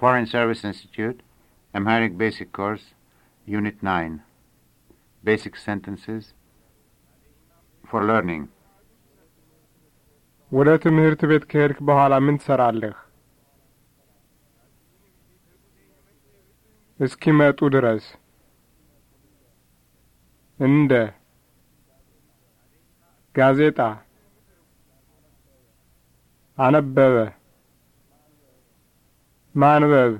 Foreign Service Institute, Amharic Basic Course, Unit 9, Basic Sentences for Learning. ወደ ትምህርት ቤት ከሄድክ በኋላ ምን ትሰራለህ? እስኪመጡ ድረስ እንደ ጋዜጣ አነበበ ማንበብ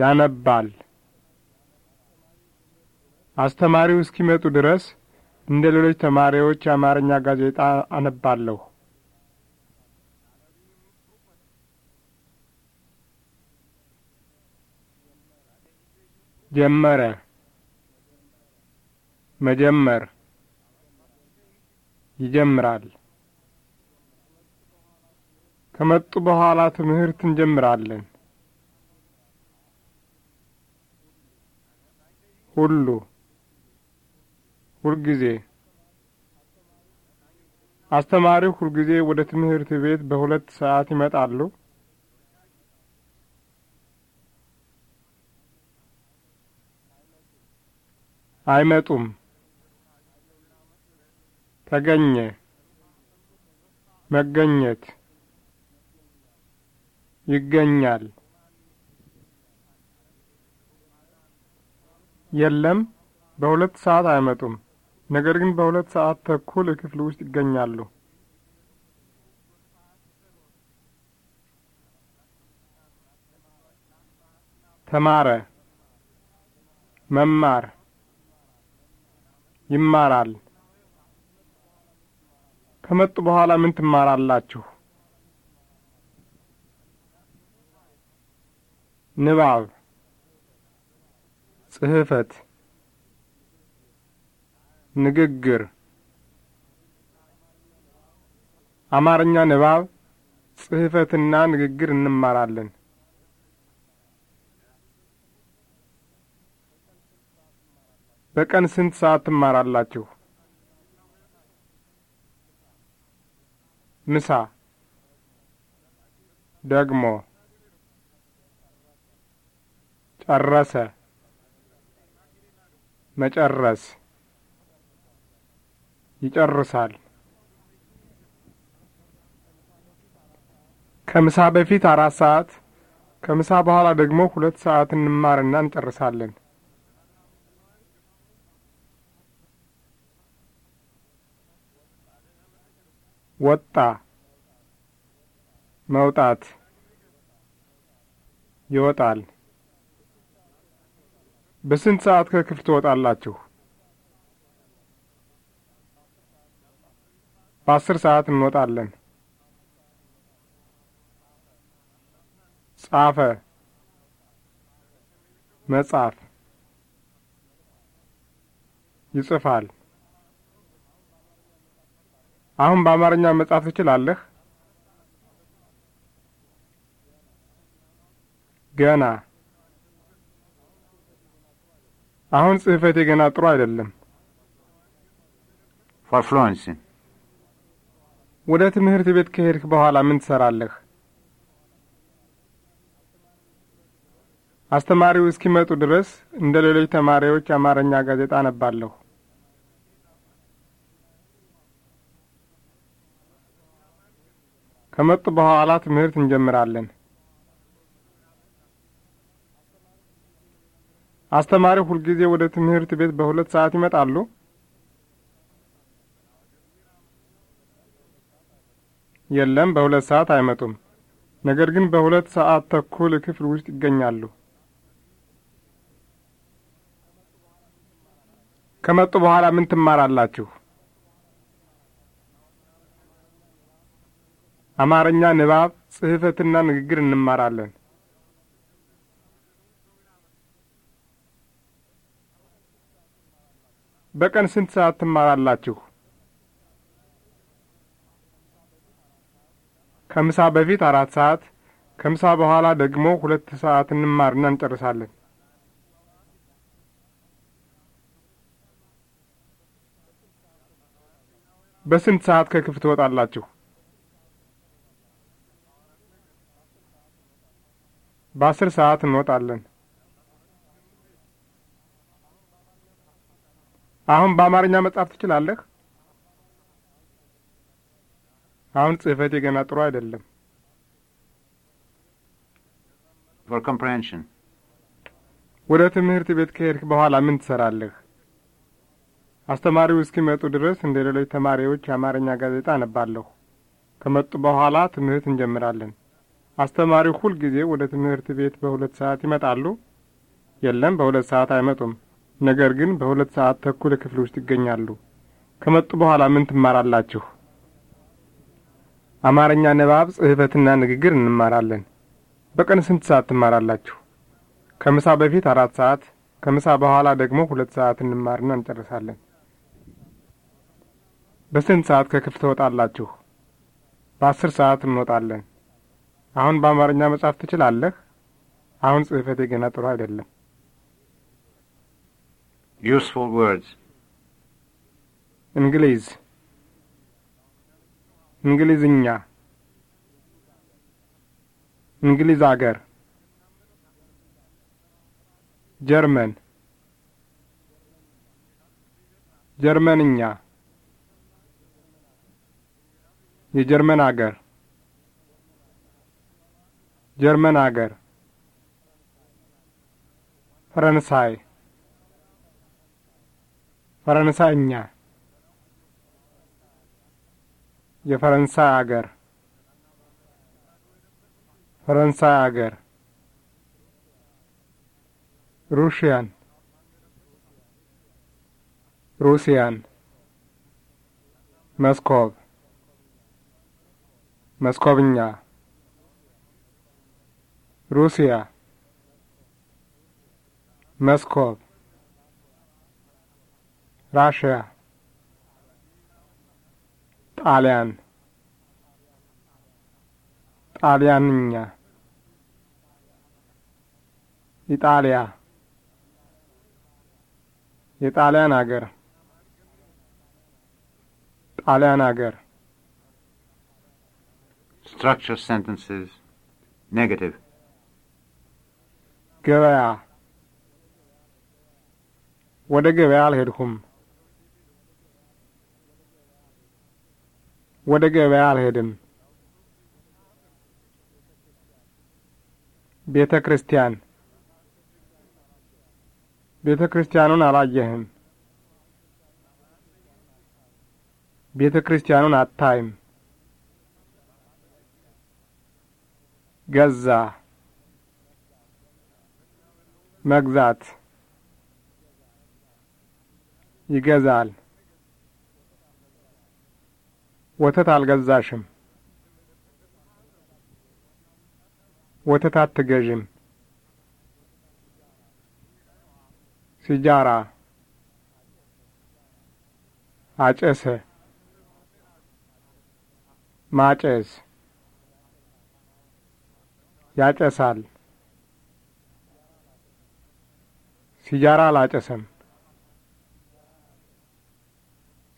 ያነባል። አስተማሪው እስኪመጡ ድረስ እንደ ሌሎች ተማሪዎች የአማርኛ ጋዜጣ አነባለሁ። ጀመረ፣ መጀመር፣ ይጀምራል። ከመጡ በኋላ ትምህርት እንጀምራለን። ሁሉ ሁልጊዜ አስተማሪው ሁልጊዜ ወደ ትምህርት ቤት በሁለት ሰዓት ይመጣሉ? አይመጡም። ተገኘ መገኘት ይገኛል። የለም፣ በሁለት ሰዓት አይመጡም። ነገር ግን በሁለት ሰዓት ተኩል ክፍል ውስጥ ይገኛሉ። ተማረ፣ መማር፣ ይማራል። ከመጡ በኋላ ምን ትማራላችሁ? ንባብ ጽህፈት ንግግር አማርኛ ንባብ ጽሕፈትና ንግግር እንማራለን። በቀን ስንት ሰዓት ትማራላችሁ? ምሳ ደግሞ ጨረሰ መጨረስ ይጨርሳል። ከምሳ በፊት አራት ሰዓት ከምሳ በኋላ ደግሞ ሁለት ሰዓት እንማርና እንጨርሳለን። ወጣ መውጣት ይወጣል። በስንት ሰዓት ከክፍል ትወጣላችሁ? በአስር ሰዓት እንወጣለን። ጻፈ፣ መጻፍ፣ ይጽፋል። አሁን በአማርኛ መጻፍ ትችላለህ? ገና አሁን ጽህፈቴ ገና ጥሩ አይደለም። ፋፍሎንስ ወደ ትምህርት ቤት ከሄድክ በኋላ ምን ትሰራለህ? አስተማሪው እስኪመጡ ድረስ እንደ ሌሎች ተማሪዎች አማርኛ ጋዜጣ አነባለሁ። ከመጡ በኋላ ትምህርት እንጀምራለን። አስተማሪ ሁልጊዜ ወደ ትምህርት ቤት በሁለት ሰዓት ይመጣሉ? የለም፣ በሁለት ሰዓት አይመጡም። ነገር ግን በሁለት ሰዓት ተኩል ክፍል ውስጥ ይገኛሉ። ከመጡ በኋላ ምን ትማራላችሁ? አማርኛ፣ ንባብ፣ ጽሕፈትና ንግግር እንማራለን። በቀን ስንት ሰዓት ትማራላችሁ? ከምሳ በፊት አራት ሰዓት ከምሳ በኋላ ደግሞ ሁለት ሰዓት እንማርና እንጨርሳለን። በስንት ሰዓት ከክፍት ትወጣላችሁ? በአስር ሰዓት እንወጣለን። አሁን በአማርኛ መጻፍ ትችላለህ? አሁን ጽህፈቴ ገና ጥሩ አይደለም። for ወደ ትምህርት ቤት ከሄድክ በኋላ ምን ትሰራለህ? አስተማሪው እስኪመጡ ድረስ እንደ ሌሎች ተማሪዎች የአማርኛ ጋዜጣ አነባለሁ። ከመጡ በኋላ ትምህርት እንጀምራለን። አስተማሪው ሁል ጊዜ ወደ ትምህርት ቤት በሁለት ሰዓት ይመጣሉ? የለም፣ በሁለት ሰዓት አይመጡም። ነገር ግን በሁለት ሰዓት ተኩል ክፍል ውስጥ ይገኛሉ። ከመጡ በኋላ ምን ትማራላችሁ? አማርኛ ንባብ፣ ጽህፈትና ንግግር እንማራለን። በቀን ስንት ሰዓት ትማራላችሁ? ከምሳ በፊት አራት ሰዓት፣ ከምሳ በኋላ ደግሞ ሁለት ሰዓት እንማርና እንጨርሳለን። በስንት ሰዓት ከክፍል ትወጣላችሁ? በአስር ሰዓት እንወጣለን። አሁን በአማርኛ መጻፍ ትችላለህ? አሁን ጽህፈት ገና ጥሩ አይደለም። useful words. English. Englishinya. Englishager. German. Germaninya. Ye German agar. German ፈረንሳይኛ የፈረንሳይ አገር ፈረንሳይ አገር ሩሽያን ሩሲያን መስኮብ መስኮብኛ ሩሲያ መስኮብ ራሽያ፣ ጣሊያን፣ ጣሊያንኛ፣ ኢጣሊያ፣ የጣሊያን አገር፣ ጣሊያን አገር። Structure sentences negative. ገበያ፣ ወደ ገበያ አልሄድሁም። ወደ ገበያ አልሄድም። ቤተ ክርስቲያን ቤተ ክርስቲያኑን አላየህም። ቤተ ክርስቲያኑን አታይም። ገዛ መግዛት ይገዛል። ወተት አልገዛሽም። ወተት አትገዥም። ሲጃራ አጨሰ፣ ማጨስ፣ ያጨሳል። ሲጃራ አላጨሰም።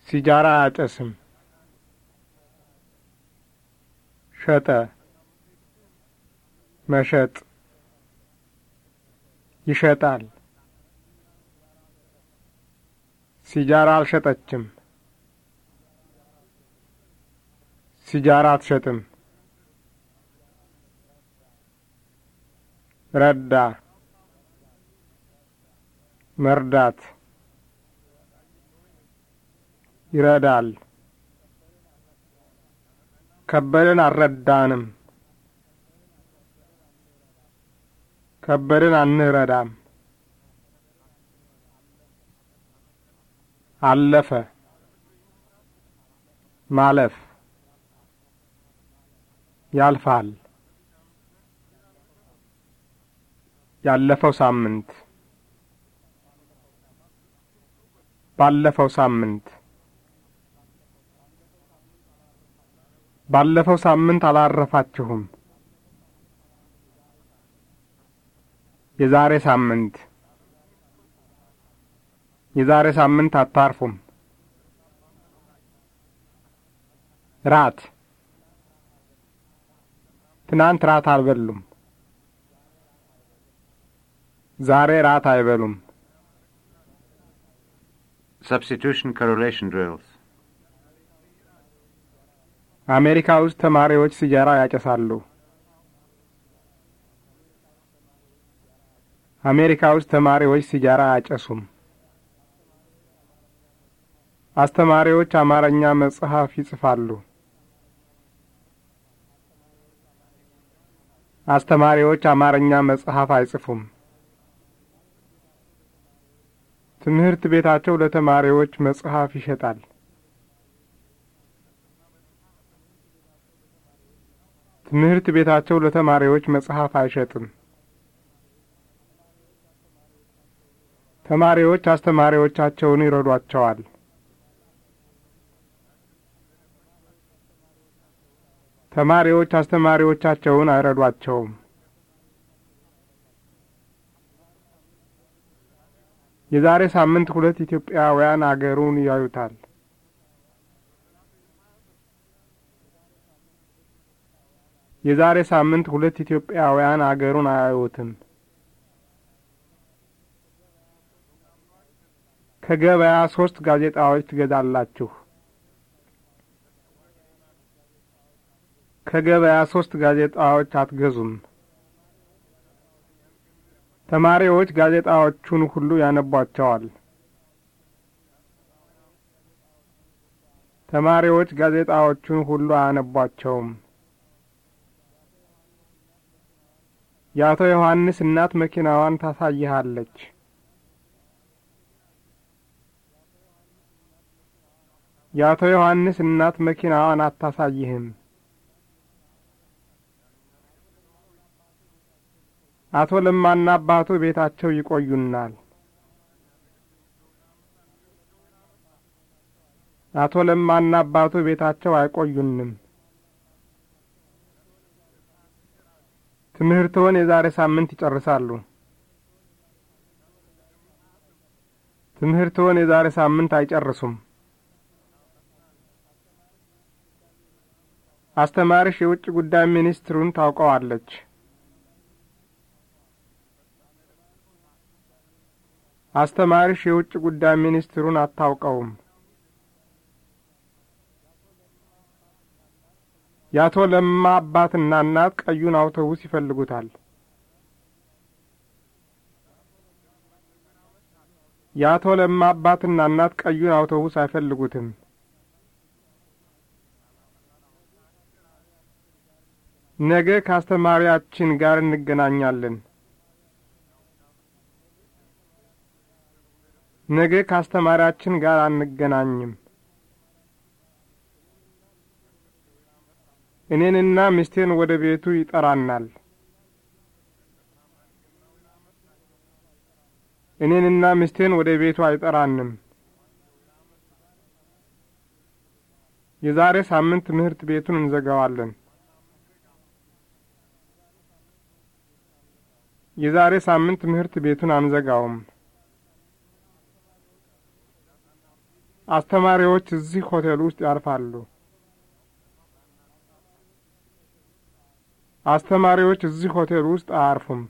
ሲጃራ አያጨስም። ሸጠ፣ መሸጥ፣ ይሸጣል። ሲጃራ አልሸጠችም፣ ሲጃራ አትሸጥም። ረዳ፣ መርዳት፣ ይረዳል። ከበደን አልረዳንም። ከበደን አንረዳም። አለፈ ማለፍ ያልፋል። ያለፈው ሳምንት ባለፈው ሳምንት ባለፈው ሳምንት አላረፋችሁም። የዛሬ ሳምንት የዛሬ ሳምንት አታርፉም። ራት ትናንት ራት አልበሉም። ዛሬ ራት አይበሉም። Substitution correlation drills አሜሪካ ውስጥ ተማሪዎች ሲጃራ ያጨሳሉ። አሜሪካ ውስጥ ተማሪዎች ሲጃራ አያጨሱም። አስተማሪዎች አማርኛ መጽሐፍ ይጽፋሉ። አስተማሪዎች አማርኛ መጽሐፍ አይጽፉም። ትምህርት ቤታቸው ለተማሪዎች መጽሐፍ ይሸጣል። ትምህርት ቤታቸው ለተማሪዎች መጽሐፍ አይሸጥም። ተማሪዎች አስተማሪዎቻቸውን ይረዷቸዋል። ተማሪዎች አስተማሪዎቻቸውን አይረዷቸውም። የዛሬ ሳምንት ሁለት ኢትዮጵያውያን አገሩን ያዩታል። የዛሬ ሳምንት ሁለት ኢትዮጵያውያን አገሩን አያዩትም። ከገበያ ሶስት ጋዜጣዎች ትገዛላችሁ። ከገበያ ሶስት ጋዜጣዎች አትገዙም። ተማሪዎች ጋዜጣዎቹን ሁሉ ያነቧቸዋል። ተማሪዎች ጋዜጣዎቹን ሁሉ አያነቧቸውም። የአቶ ዮሐንስ እናት መኪናዋን ታሳይሃለች። የአቶ ዮሐንስ እናት መኪናዋን አታሳይህም። አቶ ለማና አባቱ ቤታቸው ይቆዩናል። አቶ ለማና አባቱ ቤታቸው አይቆዩንም። ትምህርትዎን የዛሬ ሳምንት ይጨርሳሉ። ትምህርትዎን የዛሬ ሳምንት አይጨርሱም። አስተማሪሽ የውጭ ጉዳይ ሚኒስትሩን ታውቀዋለች። አስተማሪሽ የውጭ ጉዳይ ሚኒስትሩን አታውቀውም። የአቶ ለማ አባትና እናት ቀዩን አውቶቡስ ይፈልጉታል። የአቶ ለማ አባትና እናት ቀዩን አውቶቡስ አይፈልጉትም። ነገ ከአስተማሪያችን ጋር እንገናኛለን። ነገ ከአስተማሪያችን ጋር አንገናኝም። እኔንና ሚስቴን ወደ ቤቱ ይጠራናል። እኔንና ሚስቴን ወደ ቤቱ አይጠራንም። የዛሬ ሳምንት ትምህርት ቤቱን እንዘጋዋለን። የዛሬ ሳምንት ትምህርት ቤቱን አንዘጋውም። አስተማሪዎች እዚህ ሆቴል ውስጥ ያርፋሉ። አስተማሪዎች እዚህ ሆቴል ውስጥ አያርፉም።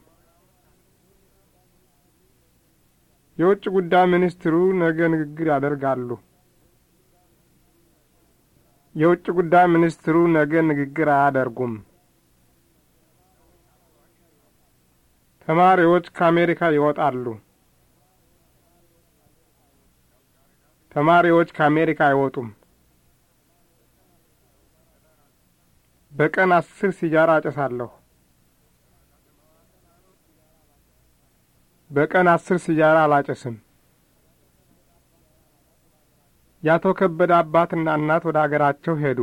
የውጭ ጉዳይ ሚኒስትሩ ነገ ንግግር ያደርጋሉ። የውጭ ጉዳይ ሚኒስትሩ ነገ ንግግር አያደርጉም። ተማሪዎች ከአሜሪካ ይወጣሉ። ተማሪዎች ከአሜሪካ አይወጡም። በቀን አስር ሲጃራ አጨሳለሁ። በቀን አስር ሲጃራ አላጨስም። የአቶ ከበደ አባትና እናት ወደ አገራቸው ሄዱ።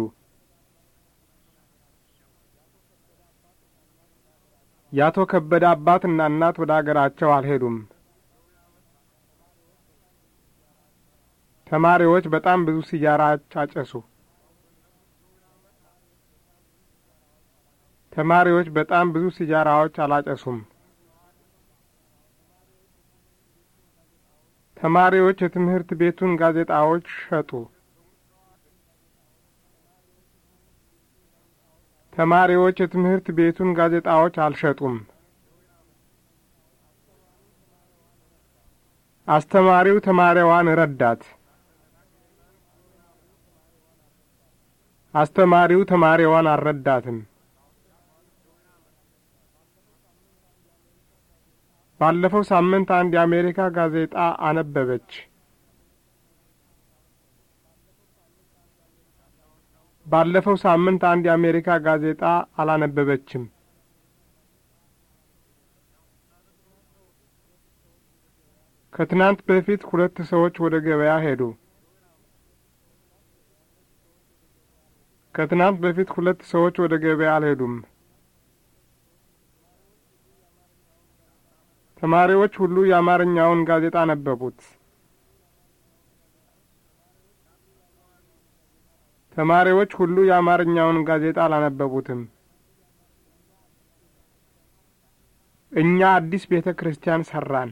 የአቶ ከበደ አባትና እናት ወደ አገራቸው አልሄዱም። ተማሪዎች በጣም ብዙ ሲጃራ አጨሱ። ተማሪዎች በጣም ብዙ ሲጃራዎች አላጨሱም። ተማሪዎች የትምህርት ቤቱን ጋዜጣዎች ሸጡ። ተማሪዎች የትምህርት ቤቱን ጋዜጣዎች አልሸጡም። አስተማሪው ተማሪዋን ረዳት። አስተማሪው ተማሪዋን አልረዳትም። ባለፈው ሳምንት አንድ የአሜሪካ ጋዜጣ አነበበች። ባለፈው ሳምንት አንድ የአሜሪካ ጋዜጣ አላነበበችም። ከትናንት በፊት ሁለት ሰዎች ወደ ገበያ ሄዱ። ከትናንት በፊት ሁለት ሰዎች ወደ ገበያ አልሄዱም። ተማሪዎች ሁሉ የአማርኛውን ጋዜጣ ነበቡት። ተማሪዎች ሁሉ የአማርኛውን ጋዜጣ አላነበቡትም። እኛ አዲስ ቤተ ክርስቲያን ሰራን።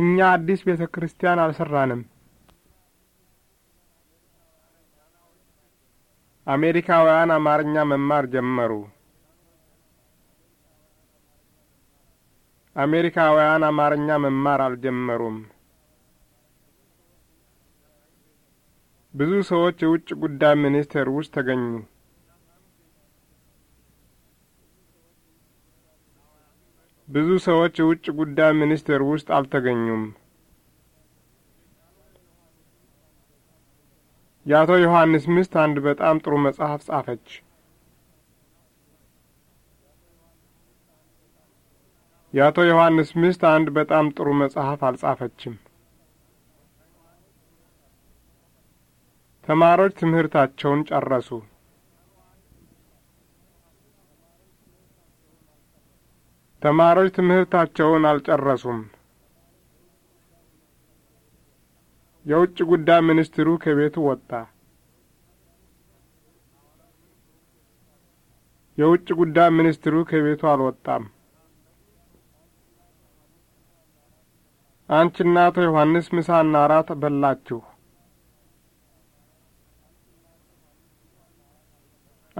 እኛ አዲስ ቤተ ክርስቲያን አልሰራንም። አሜሪካውያን አማርኛ መማር ጀመሩ። አሜሪካውያን አማርኛ መማር አልጀመሩም። ብዙ ሰዎች የውጭ ጉዳይ ሚኒስቴር ውስጥ ተገኙ። ብዙ ሰዎች የውጭ ጉዳይ ሚኒስቴር ውስጥ አልተገኙም። የአቶ ዮሐንስ ሚስት አንድ በጣም ጥሩ መጽሐፍ ጻፈች። የአቶ ዮሐንስ ሚስት አንድ በጣም ጥሩ መጽሐፍ አልጻፈችም። ተማሪዎች ትምህርታቸውን ጨረሱ። ተማሪዎች ትምህርታቸውን አልጨረሱም። የውጭ ጉዳይ ሚኒስትሩ ከቤቱ ወጣ። የውጭ ጉዳይ ሚኒስትሩ ከቤቱ አልወጣም። አንቺና አቶ ዮሐንስ ምሳና አራት በላችሁ።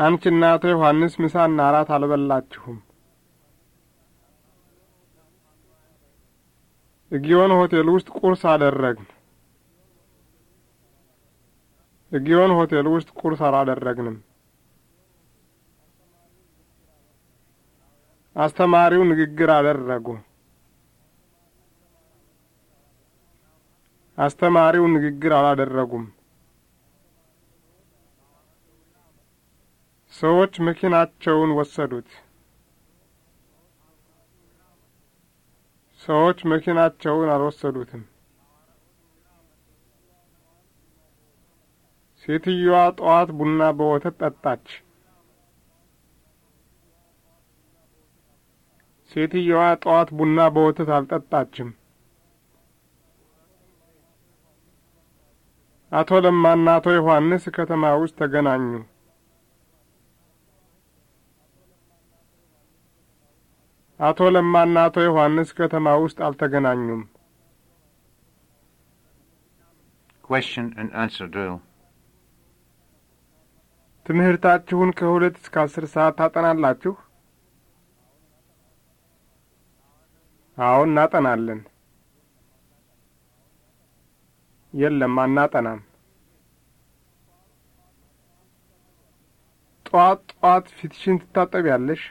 አንቺና አቶ ዮሐንስ ምሳና አራት አልበላችሁም። እጊዮን ሆቴል ውስጥ ቁርስ አደረግን። እጊዮን ሆቴል ውስጥ ቁርስ አላደረግንም። አስተማሪው ንግግር አደረጉ። አስተማሪው ንግግር አላደረጉም። ሰዎች መኪናቸውን ወሰዱት። ሰዎች መኪናቸውን አልወሰዱትም። ሴትየዋ ጠዋት ቡና በወተት ጠጣች። ሴትየዋ ጠዋት ቡና በወተት አልጠጣችም። አቶ ለማና አቶ ዮሐንስ ከተማ ውስጥ ተገናኙ። አቶ ለማና አቶ ዮሐንስ ከተማ ውስጥ አልተገናኙም። Question and answer drill. ትምህርታችሁን ከሁለት እስከ አስር ሰዓት ታጠናላችሁ? አዎን፣ እናጠናለን። የለም አናጠናም። ጠዋት ጠዋት ፊትሽን ትታጠቢያለሽ?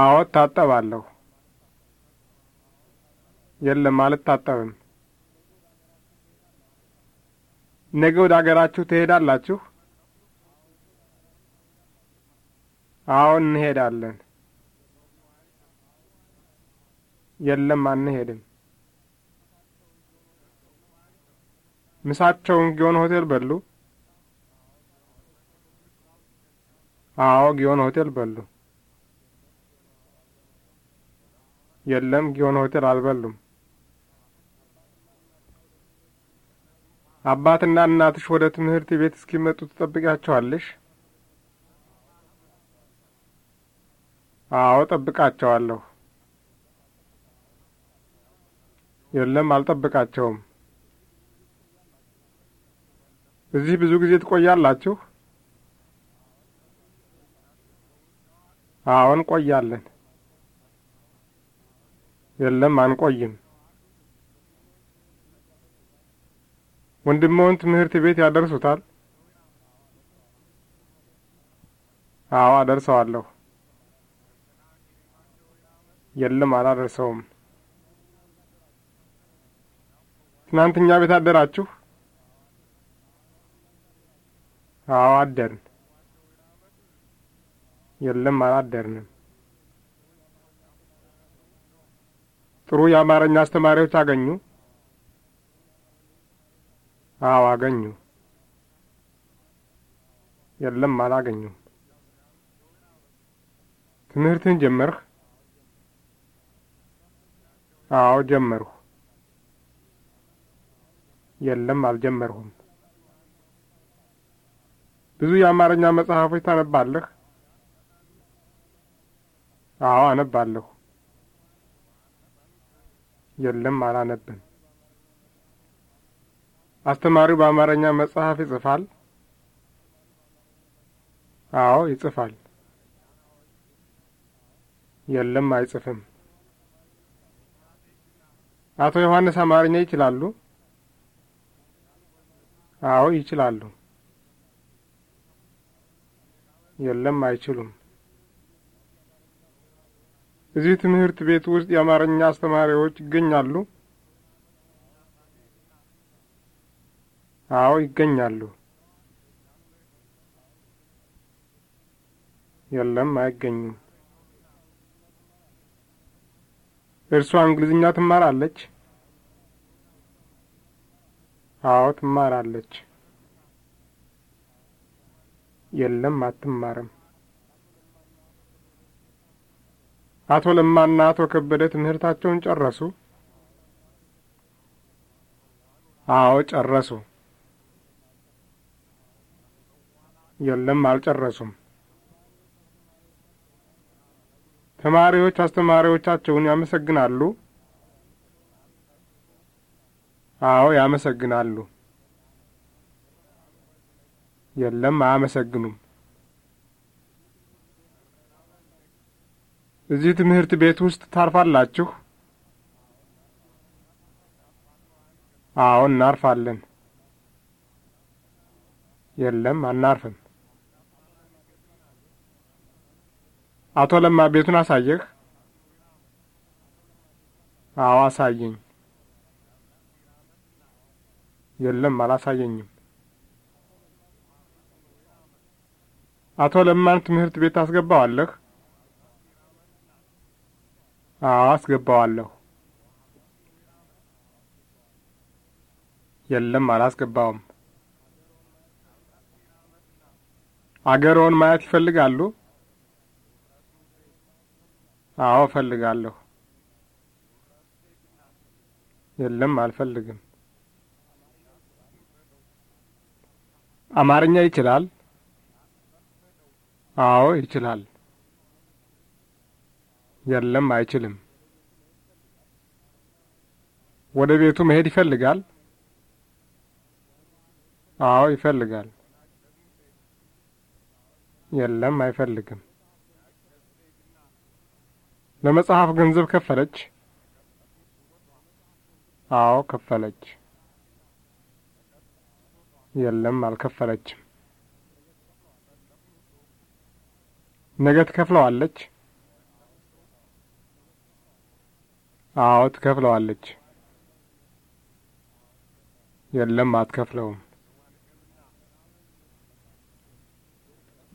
አዎ እታጠባለሁ። የለም አልታጠብም። ነገ ወደ አገራችሁ ትሄዳላችሁ? አዎ እንሄዳለን። የለም አንሄድም። ምሳቸውን ጊዮን ሆቴል በሉ? አዎ ጊዮን ሆቴል በሉ። የለም ጊዮን ሆቴል አልበሉም። አባትና እናትሽ ወደ ትምህርት ቤት እስኪመጡ ትጠብቂያቸዋለሽ? አዎ ጠብቃቸዋለሁ። የለም አልጠብቃቸውም። እዚህ ብዙ ጊዜ ትቆያላችሁ? አዎን ቆያለን። የለም አንቆይም። ወንድሞውን ትምህርት ቤት ያደርሱታል? አዎ አደርሰዋለሁ። የለም አላደርሰውም። ትናንት ቤት አደራችሁ? አዎ አደርን። የለም አላደርንም። ጥሩ የአማርኛ አስተማሪዎች አገኙ? አዎ አገኙ። የለም አላገኙም። ትምህርትን ጀመርህ? አዎ ጀመርሁ። የለም አልጀመርሁም። ብዙ የአማርኛ መጽሐፎች ታነባለህ? አዎ አነባለሁ። የለም አላነብም። አስተማሪው በአማርኛ መጽሐፍ ይጽፋል? አዎ ይጽፋል። የለም አይጽፍም። አቶ ዮሐንስ አማርኛ ይችላሉ? አዎ ይችላሉ። የለም አይችሉም። እዚህ ትምህርት ቤት ውስጥ የአማርኛ አስተማሪዎች ይገኛሉ? አዎ ይገኛሉ። የለም አይገኙም። እርሷ እንግሊዝኛ ትማራለች? አዎ ትማራለች። የለም አትማርም። አቶ ለማና አቶ ከበደ ትምህርታቸውን ጨረሱ? አዎ ጨረሱ። የለም አልጨረሱም። ተማሪዎች አስተማሪዎቻቸውን ያመሰግናሉ? አዎ ያመሰግናሉ። የለም አያመሰግኑም። እዚህ ትምህርት ቤት ውስጥ ታርፋላችሁ? አዎ እናርፋለን። የለም አናርፍም። አቶ ለማ ቤቱን አሳየህ? አዎ አሳየኝ። የለም አላሳየኝም። አቶ ለማን ትምህርት ቤት ታስገባዋለህ? አዎ አስገባዋለሁ። የለም አላስገባውም። አገርዎን ማየት ይፈልጋሉ? አዎ እፈልጋለሁ። የለም አልፈልግም። አማርኛ ይችላል? አዎ ይችላል። የለም አይችልም። ወደ ቤቱ መሄድ ይፈልጋል? አዎ ይፈልጋል። የለም አይፈልግም። ለመጽሐፍ ገንዘብ ከፈለች? አዎ ከፈለች። የለም አልከፈለችም። ነገ ትከፍለዋለች? አዎ ትከፍለዋለች። የለም አትከፍለውም።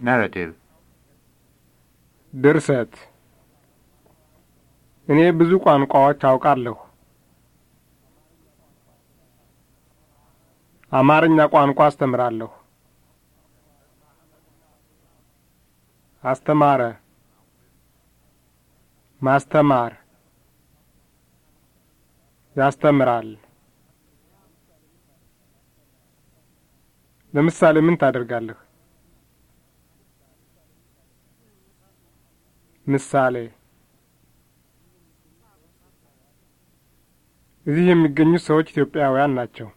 ናራቲቭ ድርሰት እኔ ብዙ ቋንቋዎች አውቃለሁ። አማርኛ ቋንቋ አስተምራለሁ። አስተማረ፣ ማስተማር፣ ያስተምራል። ለምሳሌ ምን ታደርጋለህ? ምሳሌ እዚህ የሚገኙት ሰዎች ኢትዮጵያውያን ናቸው።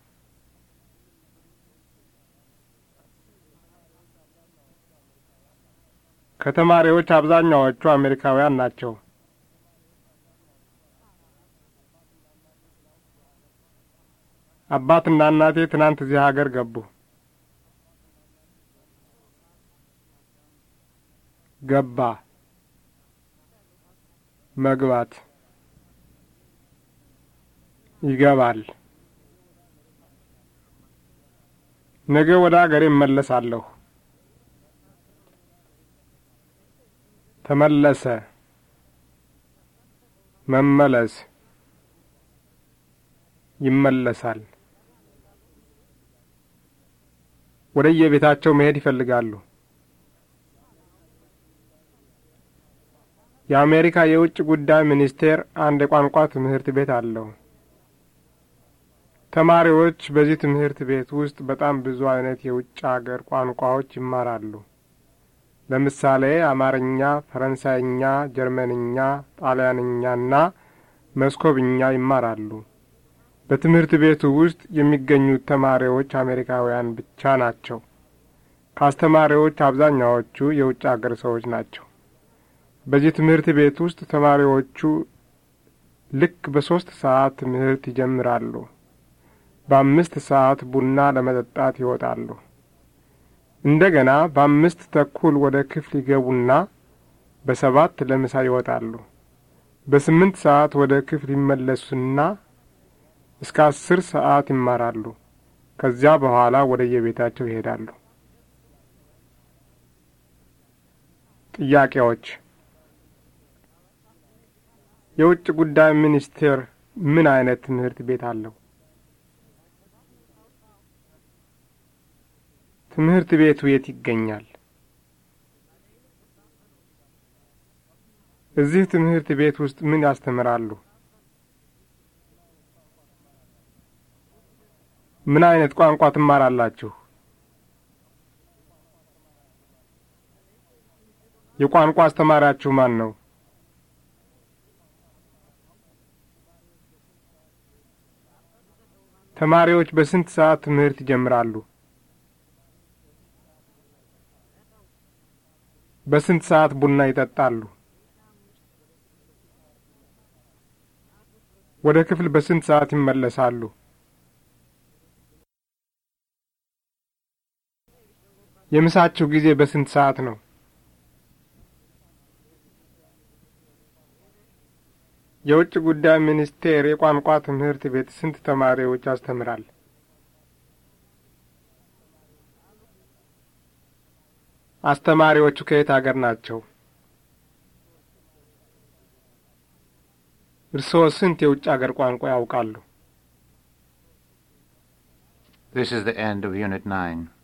ከተማሪዎች አብዛኛዎቹ አሜሪካውያን ናቸው። አባትና እናቴ ትናንት እዚህ ሀገር ገቡ። ገባ፣ መግባት፣ ይገባል። ነገ ወደ አገሬ እመለሳለሁ። ተመለሰ፣ መመለስ፣ ይመለሳል። ወደ የቤታቸው መሄድ ይፈልጋሉ። የአሜሪካ የውጭ ጉዳይ ሚኒስቴር አንድ የቋንቋ ትምህርት ቤት አለው። ተማሪዎች በዚህ ትምህርት ቤት ውስጥ በጣም ብዙ አይነት የውጭ አገር ቋንቋዎች ይማራሉ። ለምሳሌ አማርኛ፣ ፈረንሳይኛ፣ ጀርመንኛ፣ ጣሊያንኛና መስኮብኛ ይማራሉ። በትምህርት ቤቱ ውስጥ የሚገኙት ተማሪዎች አሜሪካውያን ብቻ ናቸው። ከአስተማሪዎች አብዛኛዎቹ የውጭ አገር ሰዎች ናቸው። በዚህ ትምህርት ቤት ውስጥ ተማሪዎቹ ልክ በሦስት ሰዓት ትምህርት ይጀምራሉ። በአምስት ሰዓት ቡና ለመጠጣት ይወጣሉ። እንደገና በአምስት ተኩል ወደ ክፍል ይገቡና በሰባት ለምሳ ይወጣሉ። በስምንት ሰዓት ወደ ክፍል ይመለሱና እስከ አስር ሰዓት ይማራሉ። ከዚያ በኋላ ወደ የቤታቸው ይሄዳሉ። ጥያቄዎች የውጭ ጉዳይ ሚኒስቴር ምን አይነት ትምህርት ቤት አለው? ትምህርት ቤቱ የት ይገኛል? እዚህ ትምህርት ቤት ውስጥ ምን ያስተምራሉ? ምን አይነት ቋንቋ ትማራላችሁ? የቋንቋ አስተማሪያችሁ ማን ነው? ተማሪዎች በስንት ሰዓት ትምህርት ይጀምራሉ? በስንት ሰዓት ቡና ይጠጣሉ? ወደ ክፍል በስንት ሰዓት ይመለሳሉ? የምሳችሁ ጊዜ በስንት ሰዓት ነው? የውጭ ጉዳይ ሚኒስቴር የቋንቋ ትምህርት ቤት ስንት ተማሪዎች ያስተምራል? አስተማሪዎቹ ከየት አገር ናቸው? እርስዎ ስንት የውጭ አገር ቋንቋ ያውቃሉ? This is the end of Unit 9.